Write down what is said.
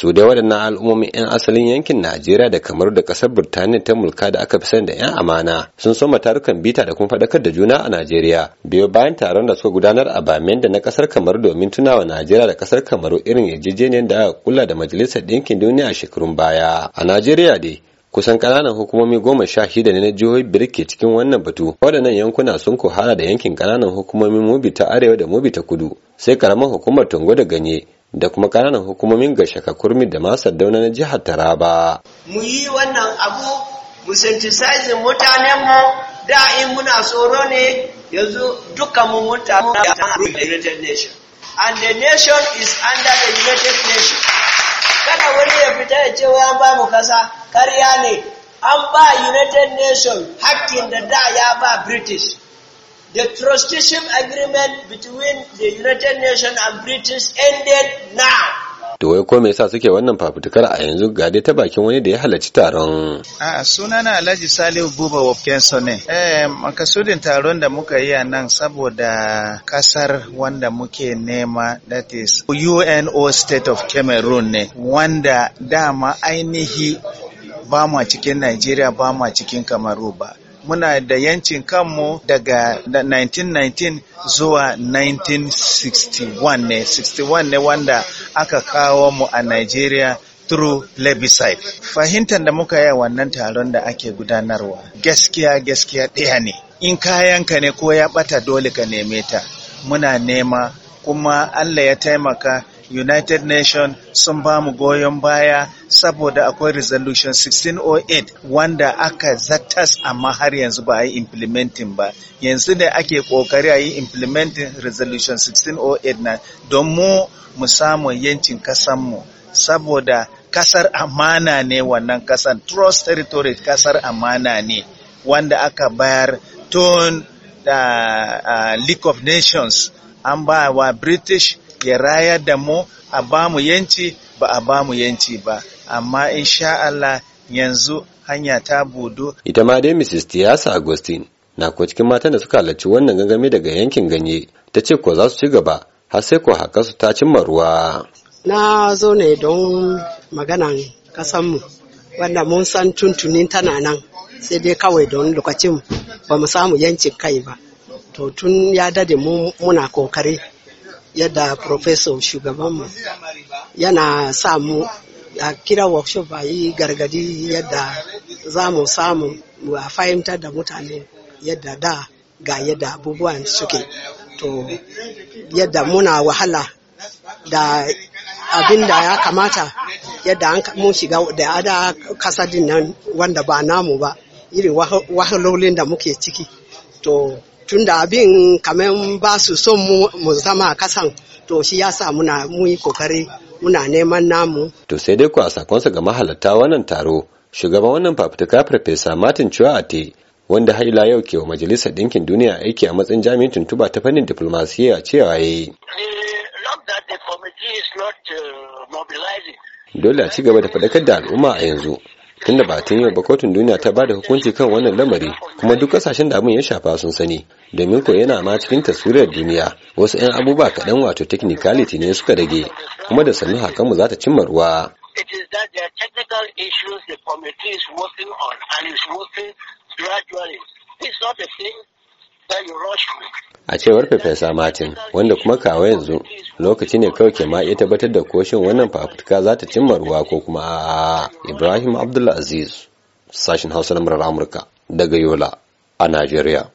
su dai waɗannan al'ummomin 'yan asalin yankin najeriya da kamar da ƙasar birtaniya ta mulka da aka fi sani da 'yan amana sun soma tarukan bita da kuma faɗakar da juna a najeriya biyo bayan taron da suka gudanar a bamen da na ƙasar kamar domin tunawa najeriya da ƙasar kamaru irin yarjejeniyar da aka kula da majalisar ɗinkin duniya a shekarun baya a najeriya dai kusan kananan hukumomi goma sha shida ne na jihohi biyar ke cikin wannan batu waɗannan yankuna sun kohara da yankin kananan hukumomin mubi ta arewa da mubi ta kudu sai karamar hukumar tongo da ganye da kuma kananan hukumomin gashaka kurmi da masar dauna na jihar taraba. mu yi wannan abu mu mutanen mutanenmu da in muna tsoro ne yanzu dukkan mu mutane da united nation and the nation is under the united nation kada wani ya fita ya ce bamu kaza karya ne an ba united nations hakkin da da ya ba british the trusteeship agreement between the united nations and british ended now to wai ko me yasa suke wannan fafutukar a yanzu ga dai ta bakin wani da ya halarci taron a sunana Alhaji Salihu Buba Wofkenso ne eh makasudin taron da muka yi a nan saboda kasar wanda muke nema that is UNO state of Cameroon ne wanda dama ainihi ba ma cikin Najeriya ba ma cikin Kamaru ba muna da yancin kanmu daga 1919 zuwa 1961 ne 61 ne wanda aka kawo mu a Nigeria through plebiscite. Fahimtar da muka yi wannan taron da ake gudanarwa gaskiya gaskiya ɗaya ne. In kayanka ne ko ya ɓata dole ka neme ta. Muna nema kuma Allah ya taimaka united nations sun ba mu goyon baya saboda akwai resolution 1608 wanda aka zatas amma har yanzu ba a yi implementing ba yanzu da ake kokari a yi implementing resolution 1608 na don mu mu samu yancin kasanmu saboda kasar amana ne wannan kasar trust territory kasar amana ne wanda aka bayar tun da uh, uh, ah, league of nations an ba wa british ya rayar da mu a ba mu yanci ba a ba mu yanci ba amma insha Allah yanzu hanya ta budu ita ma dai Mrs. Tiyasa Agustin na ko cikin matan da suka halarci wannan gangami daga yankin ganye ta ce ko za su ci gaba har sai ko haka su ta cimma ruwa na zo ne don maganan mu wanda mun san tuntunin tana nan sai dai kawai don lokacin ba mu samu yancin kai ba to tun ya dade mu muna kokari yadda shugaban mu yana sa mu a kira workshop a yi gargadi yadda za mu samu a fahimtar da mutane yadda da ga yadda abubuwan suke to yadda muna wahala da abin da ya kamata yadda an mun shiga da ada kasadin nan wanda ba namu ba irin wahalolin da muke ciki to tunda abin kamar ba su son mu zama a kasan to shi ya sa muna muyi kokari muna neman namu. To sai dai ku a sakonsa ga mahalarta wannan taro shugaban wannan fafutuka farfesa Martin Chuate wanda haila yau ke wa majalisar ɗinkin duniya aiki a matsayin jami'in tuntuba ta fannin diplomasiyya cewa ya yi. Uh, Dole a ci gaba da faɗakar da al'umma a yanzu tunda ba tun yau ba kotun duniya ta bada hukunci kan wannan lamari kuma duk kasashen da abin ya shafa sun sani domin ko yana ma cikin taswirar duniya wasu 'yan abubuwa kaɗan wato technicality ne suka rage kuma da sannu hakanmu za ta cimma ruwa It is that there are technical issues the committee is working on and is working gradually. It's not a thing A cewar Farfesa Martin, wanda kuma kawo yanzu lokaci ne kawai ke ma iya tabbatar da koshin wannan fafutuka za ta cimma ruwa ko kuma a Ibrahim Abdulaziz, sashen Hausa na Amurka daga Yola a Najeriya.